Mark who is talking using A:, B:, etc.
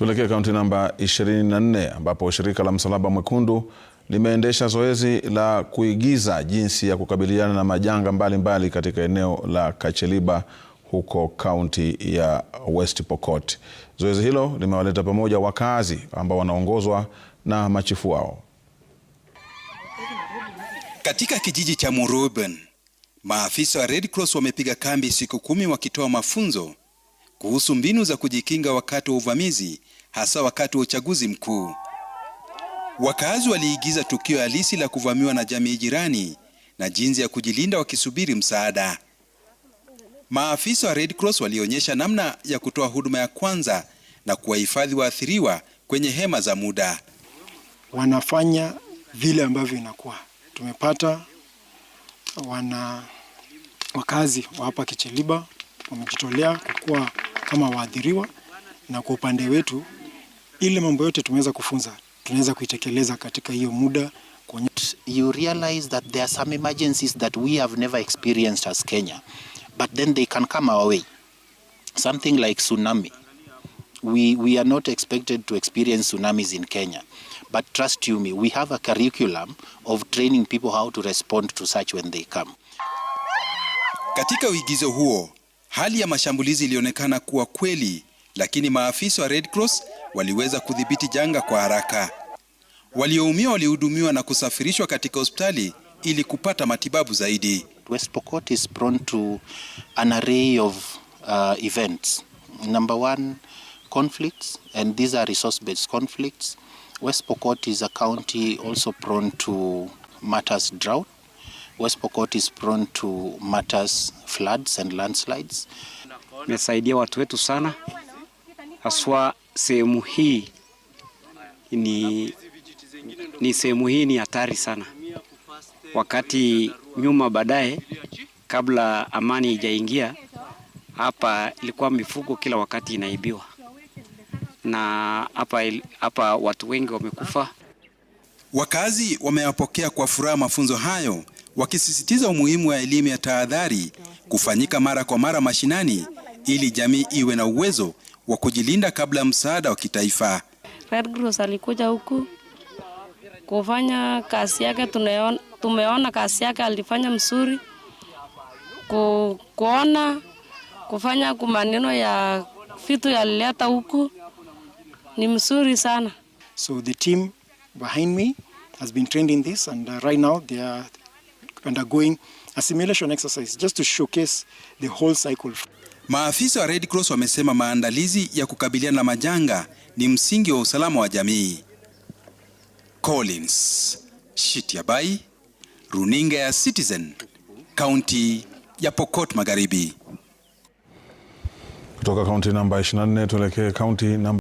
A: Tuelekee kaunti namba 24 ambapo shirika la Msalaba Mwekundu limeendesha zoezi la kuigiza jinsi ya kukabiliana na majanga mbalimbali mbali katika eneo la Kacheliba huko kaunti ya West Pokot. Zoezi hilo limewaleta pamoja wakazi ambao wanaongozwa na machifu wao.
B: Katika kijiji cha Muruben, maafisa wa Red Cross wamepiga kambi siku kumi wakitoa mafunzo kuhusu mbinu za kujikinga wakati wa uvamizi, hasa wakati wa uchaguzi mkuu. Wakazi waliigiza tukio halisi la kuvamiwa na jamii jirani na jinsi ya kujilinda wakisubiri msaada. Maafisa wa Red Cross walionyesha namna ya kutoa huduma ya kwanza na kuwahifadhi waathiriwa kwenye hema za muda.
C: Wanafanya vile ambavyo inakuwa tumepata wana wakazi wa hapa Kicheliba wamejitolea kwa kama waathiriwa, na kwa upande wetu ile mambo yote tumeweza kufunza tunaweza kuitekeleza katika hiyo muda.
D: You realize that there are some emergencies that we have never experienced as Kenya but then they can come our way something like tsunami we, we are not expected to experience tsunamis in Kenya but trust you me we have a curriculum of training people how to respond to such when they come.
B: Katika uigizo huo Hali ya mashambulizi ilionekana kuwa kweli, lakini maafisa wa Red Cross waliweza kudhibiti janga kwa haraka. Walioumia walihudumiwa na kusafirishwa katika hospitali ili kupata matibabu zaidi.
D: West Pokot is prone to an array of uh, events. Number one, conflicts and these are resource-based conflicts. West Pokot is a county also prone to matters drought. West Pokot is prone to matters, floods and landslides.
E: Imesaidia watu wetu sana, haswa sehemu hii ni, ni sehemu hii ni hatari sana. Wakati nyuma baadaye, kabla amani ijaingia hapa, ilikuwa mifugo kila wakati inaibiwa na hapa hapa watu wengi wamekufa.
B: Wakazi wameyapokea kwa furaha mafunzo hayo wakisisitiza umuhimu wa elimu ya tahadhari kufanyika mara kwa mara mashinani ili jamii iwe na uwezo wa kujilinda kabla msaada wa kitaifa.
F: Red Cross alikuja huku kufanya kazi yake, tumeona kazi yake alifanya mzuri ku, kuona kufanya kumaneno ya vitu yalileta huku ni mzuri sana.
G: So the team behind me has been trained in this and uh, right now they are undergoing assimilation exercise just to showcase the whole cycle.
B: Maafisa wa Red Cross wamesema maandalizi ya kukabiliana na majanga ni msingi wa usalama wa jamii. Collins Shitiabai, Runinga ya Citizen, kaunti ya Pokot Magharibi. Kutoka kaunti namba 24 tuelekee kaunti namba